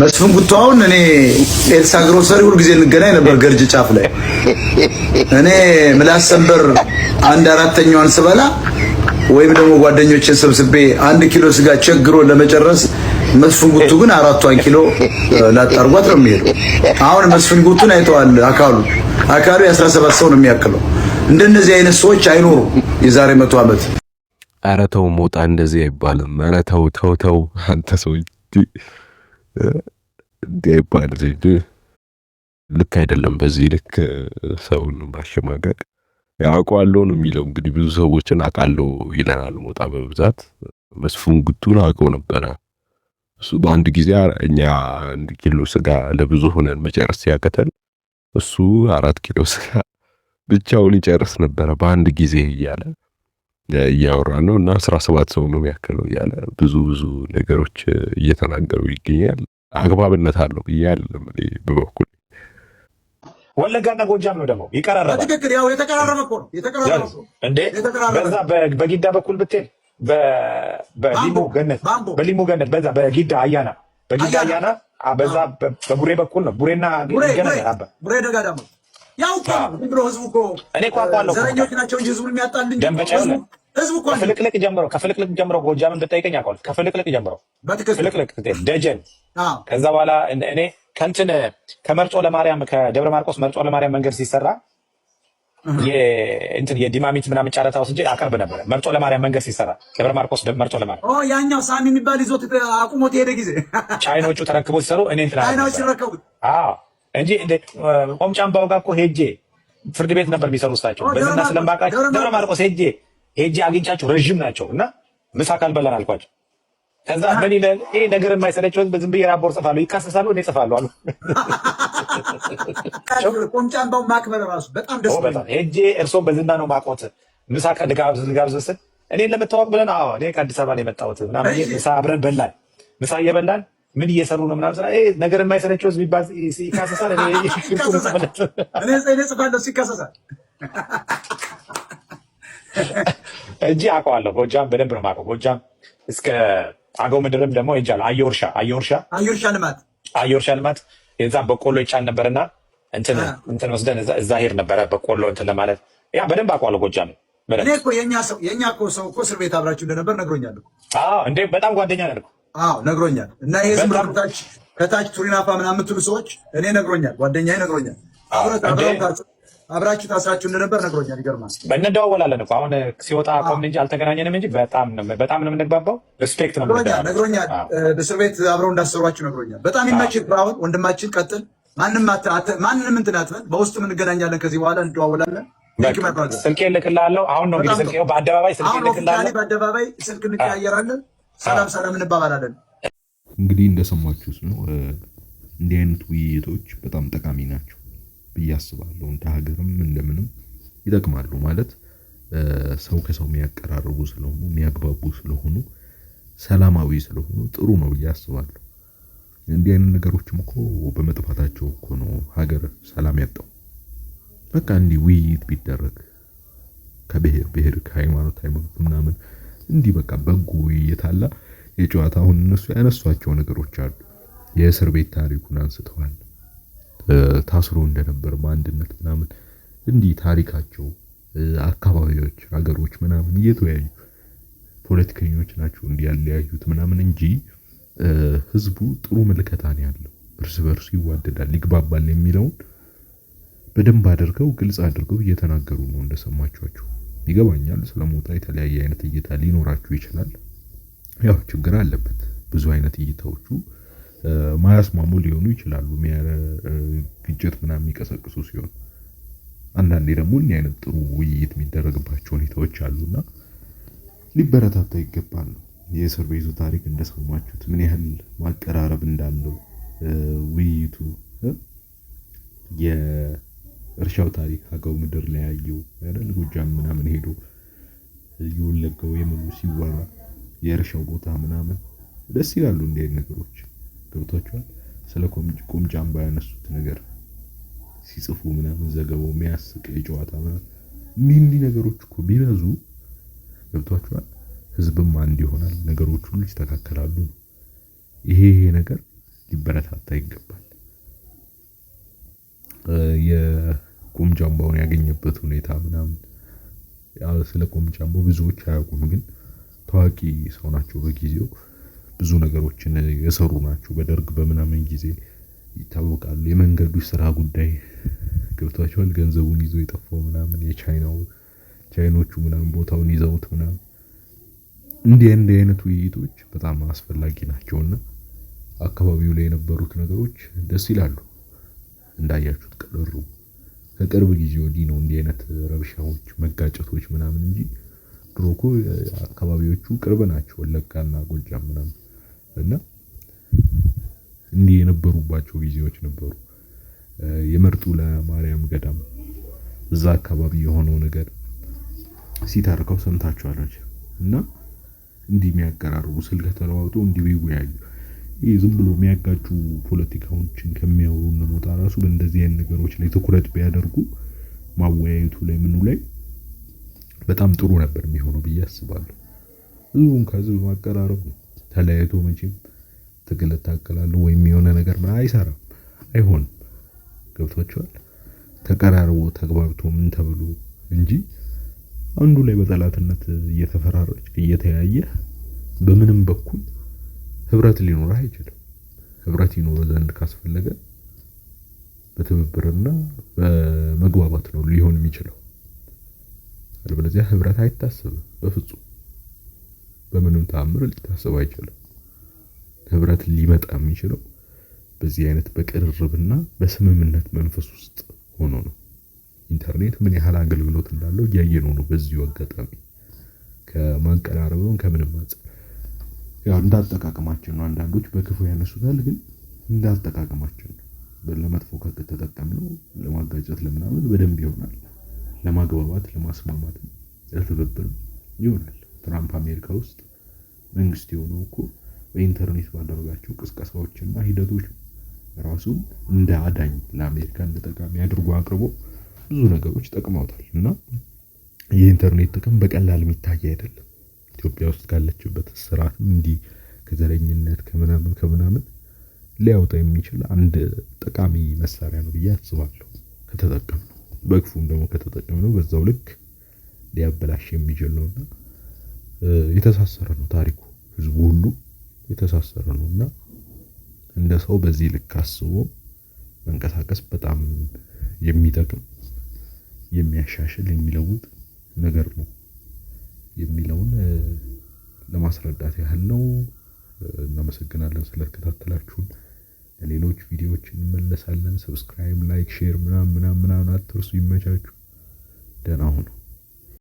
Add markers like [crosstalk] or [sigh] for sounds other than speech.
መስፍን አሁን እኔ ኤልሳ ግሮሰሪ ሁልጊዜ እንገናኝ ነበር ገርጅ ጫፍ ላይ እኔ ምላስ ሰንበር አንድ አራተኛዋን ስበላ ወይም ደግሞ ጓደኞችን ሰብስቤ አንድ ኪሎ ስጋ ቸግሮ ለመጨረስ መስፍን ጉቱ ግን አራቷን ኪሎ ላጣርጓት ነው የሚሄዱ። አሁን መስፍን ጉቱን አይተዋል። አካሉ አካሉ የ17 ሰው ነው የሚያክለው። እንደነዚህ አይነት ሰዎች አይኖሩም። የዛሬ መቶ ዓመት ኧረ ተው ሞጣ፣ እንደዚህ አይባልም። ኧረ ተው ተው ተው አንተ ሰው እንዲህ አይባል። ልክ አይደለም። በዚህ ልክ ሰውን ማሸማቀቅ አውቀዋለሁ ነው የሚለው። እንግዲህ ብዙ ሰዎችን አውቃለሁ ይለናል ሞጣ በብዛት መስፉን ጉቱን አውቀው ነበረ። እሱ በአንድ ጊዜ እኛ አንድ ኪሎ ስጋ ለብዙ ሆነን መጨረስ ሲያቀተን እሱ አራት ኪሎ ስጋ ብቻውን ይጨርስ ነበረ በአንድ ጊዜ እያለ እያወራ ነው እና አስራ ሰባት ሰው ነው የሚያክለው እያለ ብዙ ብዙ ነገሮች እየተናገሩ ይገኛል። አግባብነት አለው ብዬ አይደለም በበኩል ወለጋና ጎጃም ነው ደግሞ ይቀራረባል። ትክክል ያው የተቀራረበ እኮ ነው የተቀራረበ እንዴ በዛ በጊዳ በኩል ብትል በሊሞ ገነት ገነት በዛ በጊዳ አያና በጊዳ አያና በዛ በቡሬ በኩል ነው ቡሬና ቡሬ ደጋዳማ ያው እኮ ዝም ብሎ ህዝቡ እኮ እኔ ዘረኞች ናቸው እንጂ ህዝቡን የሚያጣል እንጂ ህዝቡ እኮ ከፍልቅልቅ ጀምሮ ከፍልቅልቅ ጀምሮ ጎጃምን ብጠይቀኝ አውቀዋለሁ። ከፍልቅልቅ ጀምሮ ፍልቅልቅ ደጀን፣ ከዛ በኋላ እኔ ከእንትን ከመርጮ ለማርያም ከደብረ ማርቆስ መርጮ ለማርያም መንገድ ሲሰራ እንትን የዲማሚት ምናምን ጨረታ ውስጥ እንጂ አቀርብ ነበረ። መርጦ ለማርያም መንገድ ሲሰራ ደብረ ማርቆስ መርጦ ለማርያም ያኛው ሳሚ የሚባል ይዞት አቁሞት የሄደ ጊዜ [laughs] ቻይኖቹ ተረክቦ ሲሰሩ እኔ ቻይኖቹ ተረከቡት እንጂ ቆምጫም ባውጋ እኮ ሄጄ ፍርድ ቤት ነበር የሚሰሩ እሳቸው በዝና ስለማውቃቸው ደብረ ማርቆስ ሄጄ ሄጄ አግኝቻቸው ረዥም ናቸው እና ምሳ ካልበላን አልኳቸው። ከዛ ምን ይላል ይህ ነገር የማይሰለቸው ዝም ብዬ ራቦር ጽፋለሁ፣ ይካሰሳሉ፣ እኔ ጽፋሉ አሉ። ቆንጫንባው [laughs] ማክበር ራሱ በጣም ደስ በጣም ሄጄ እርስዎም በዝና ነው ማቆት ምሳ ጋብዝ ስል እኔ ለመታወቅ ብለን አዎ እኔ ከአዲስ አበባ ነው የመጣሁት ምናምን ምሳ አብረን በላን። ምሳ እየበላን ምን እየሰሩ ነው ምናምን ስራ ነገር የማይሰለቸው ህዝብ ይባል ይካሰሳል፣ እኔ [laughs] ጽፋለሁ ሲካሰሳል እንጂ አውቀዋለሁ። ጎጃም በደንብ ነው የማውቀው። ጎጃም እስከ አገው ምድርም ደግሞ ሄጃለሁ። አየወርሻ አየወርሻ አየወርሻ ልማት አየወርሻ ልማት የዛ በቆሎ ይጫን ነበርና እንትን እንትን ወስደን እዛ ሄድ ነበረ በቆሎ እንትን ለማለት ያ በደንብ አውቀዋለሁ። ጎጃም እኔ እኮ የኛ ሰው የኛ እኮ ሰው እኮ እስር ቤት አብራችሁ እንደነበር ነግሮኛል እኮ። አዎ እንዴ በጣም ጓደኛ ነን እኮ። አዎ ነግሮኛል። እና ይሄ ዝም ብላችሁ ታች ከታች ቱሪናፋ ምናምን የምትሉ ሰዎች እኔ ነግሮኛል፣ ጓደኛዬ ነግሮኛል። አብረት አብረታችሁ አብራችሁ ታስራችሁ እንደነበር ነግሮኛል። ይገርማል። እንደዋወላለን እኮ አሁን ሲወጣ ኮምን እንጂ አልተገናኘንም እንጂ በጣም ነው የምንግባባው። ሪስፔክት ነው ነግሮኛል። እስር ቤት አብረው እንዳሰሯችሁ ነግሮኛል። በጣም ይመችህ ፍራውን ወንድማችን፣ ቀጥል። ማንም እንትን አትበል። በውስጥም እንገናኛለን ከዚህ በኋላ እንደዋወላለን። ስልክ ልክልሃለሁ። አሁን ነው እንግዲህ ስልክ በአደባባይ ስልክ ልክልሃለሁ። በአደባባይ ስልክ እንቀያየራለን። ሰላም ሰላም እንባባላለን። እንግዲህ እንደሰማችሁት ነው። እንዲህ አይነት ውይይቶች በጣም ጠቃሚ ናቸው። ብዬ አስባለሁ። እንደ ሀገርም እንደምንም ይጠቅማሉ ማለት ሰው ከሰው የሚያቀራርቡ ስለሆኑ የሚያግባቡ ስለሆኑ ሰላማዊ ስለሆኑ ጥሩ ነው ብዬ አስባለሁ። እንዲህ አይነት ነገሮችም እኮ በመጥፋታቸው እኮ ነው ሀገር ሰላም ያጣው። በቃ እንዲህ ውይይት ቢደረግ ከብሔር ብሔር ከሃይማኖት ሃይማኖት ምናምን እንዲህ በቃ በጎ ውይይት አለ የጨዋታ አሁን እነሱ ያነሷቸው ነገሮች አሉ። የእስር ቤት ታሪኩን አንስተዋል። ታስሮ እንደነበር በአንድነት ምናምን እንዲህ ታሪካቸው አካባቢዎች ሀገሮች ምናምን እየተወያዩ ፖለቲከኞች ናቸው እንዲህ ያለያዩት ምናምን እንጂ ህዝቡ ጥሩ ምልከታ ነው ያለው እርስ በርሱ ይዋደዳል ይግባባል የሚለውን በደንብ አድርገው ግልጽ አድርገው እየተናገሩ ነው እንደሰማችኋቸው ይገባኛል ስለሞታ የተለያየ አይነት እይታ ሊኖራችሁ ይችላል ያው ችግር አለበት ብዙ አይነት እይታዎቹ ማያስማሙ ሊሆኑ ይችላሉ። ግጭት ምናምን የሚቀሰቅሱ ሲሆን አንዳንዴ ደግሞ እኒህ አይነት ጥሩ ውይይት የሚደረግባቸው ሁኔታዎች አሉና ሊበረታታ ይገባል የእስር ቤቱ ታሪክ እንደሰማችሁት ምን ያህል ማቀራረብ እንዳለው ውይይቱ የእርሻው ታሪክ አገው ምድር ላይ ያየው አይደል ጎጃም ምናምን ሄዶ የወለጋው የምሉ ሲወራ የእርሻው ቦታ ምናምን ደስ ይላሉ እንዲህ ነገሮች። ገብቷችኋል። ስለ ቁምጫም ባያነሱት ነገር ሲጽፉ ምናምን ዘገባው የሚያስቅ የጨዋታ ምናምን እንዲህ ነገሮች እኮ ቢበዙ ገብቷቸዋል። ህዝብም አንድ ይሆናል፣ ነገሮች ሁሉ ይስተካከላሉ። ይሄ ይሄ ነገር ሊበረታታ ይገባል። የቁም ጃምባውን ያገኘበት ሁኔታ ምናምን ስለ ቁም ጃምባው ብዙዎች አያውቁም፣ ግን ታዋቂ ሰው ናቸው በጊዜው ብዙ ነገሮችን የሰሩ ናቸው። በደርግ በምናምን ጊዜ ይታወቃሉ። የመንገዱ ስራ ጉዳይ ገብቷቸዋል። ገንዘቡን ይዞ የጠፋው ምናምን የቻይናው ቻይኖቹ ምናምን ቦታውን ይዘውት ምናምን እንዲህ እንዲህ አይነት ውይይቶች በጣም አስፈላጊ ናቸውና አካባቢው ላይ የነበሩት ነገሮች ደስ ይላሉ። እንዳያችሁት ቀረሩ። ከቅርብ ጊዜ ወዲህ ነው እንዲህ አይነት ረብሻዎች፣ መጋጨቶች ምናምን እንጂ ድሮ እኮ አካባቢዎቹ ቅርብ ናቸው። ወለጋና ጎጃም ምናምን እና እንዲህ የነበሩባቸው ጊዜዎች ነበሩ። የመርጡ ለማርያም ገዳም እዛ አካባቢ የሆነው ነገር ሲታርከው ሰምታችኋል እና እንዲህ የሚያቀራርቡ ስልክ ተለዋውጡ እንዲህ ይወያዩ። ይህ ዝም ብሎ የሚያጋጩ ፖለቲካዎችን ከሚያወሩ እንሞታ ራሱ በእንደዚህ አይነት ነገሮች ላይ ትኩረት ቢያደርጉ ማወያየቱ ላይ ምኑ ላይ በጣም ጥሩ ነበር የሚሆነው ብዬ አስባለሁ። ህዝቡን ከህዝብ ማቀራረብ ነው። ተለያይቶ መቼም ትግል እታገላለሁ ወይም የሆነ ነገር አይሰራም፣ አይሆንም። ገብቷችኋል? ተቀራርቦ ተግባብቶ ምን ተብሎ እንጂ አንዱ ላይ በጠላትነት እየተፈራረች እየተያየ በምንም በኩል ህብረት ሊኖር አይችልም። ህብረት ይኖር ዘንድ ካስፈለገ በትብብርና በመግባባት ነው ሊሆን የሚችለው። አለበለዚያ ህብረት አይታሰብም በፍጹም። በምንም ተአምር ሊታሰብ አይችልም። ህብረት ሊመጣ የሚችለው በዚህ አይነት በቅርርብና በስምምነት መንፈስ ውስጥ ሆኖ ነው። ኢንተርኔት ምን ያህል አገልግሎት እንዳለው እያየነው ነው። በዚሁ አጋጣሚ ከማቀራረበውን ከምንም አንጻር ያው እንዳጠቃቀማችን ነው። አንዳንዶች በክፉ ያነሱታል፣ ግን እንዳጠቃቀማችን ነው። ለመጥፎ ነው ለማጋጨት ለምናምን በደንብ ይሆናል። ለማግባባት ለማስማማት ለትብብር ይሆናል። ትራምፕ አሜሪካ ውስጥ መንግስት የሆነው እኮ በኢንተርኔት ባደረጋቸው ቅስቀሳዎችና ሂደቶች ራሱን እንደ አዳኝ ለአሜሪካ እንደ ጠቃሚ አድርጎ አቅርቦ ብዙ ነገሮች ጠቅመውታል እና የኢንተርኔት ጥቅም በቀላል የሚታይ አይደለም። ኢትዮጵያ ውስጥ ካለችበት ስርዓትም እንዲህ ከዘረኝነት ከምናምን ከምናምን ሊያወጣ የሚችል አንድ ጠቃሚ መሳሪያ ነው ብዬ አስባለሁ። ከተጠቀምነው በክፉም ደግሞ ከተጠቀምነው በዛው ልክ ሊያበላሽ የሚችል ነውና የተሳሰረ ነው ታሪኩ። ህዝቡ ሁሉ የተሳሰረ ነው እና እንደ ሰው በዚህ ልክ አስቦ መንቀሳቀስ በጣም የሚጠቅም የሚያሻሽል የሚለውጥ ነገር ነው የሚለውን ለማስረዳት ያህል ነው። እናመሰግናለን ስለተከታተላችሁን። ለሌሎች ቪዲዮዎች እንመለሳለን። ሰብስክራይብ፣ ላይክ፣ ሼር ምናምን ምናምን ምናምን አትርሱ። ይመቻችሁ። ደህና ሁኑ።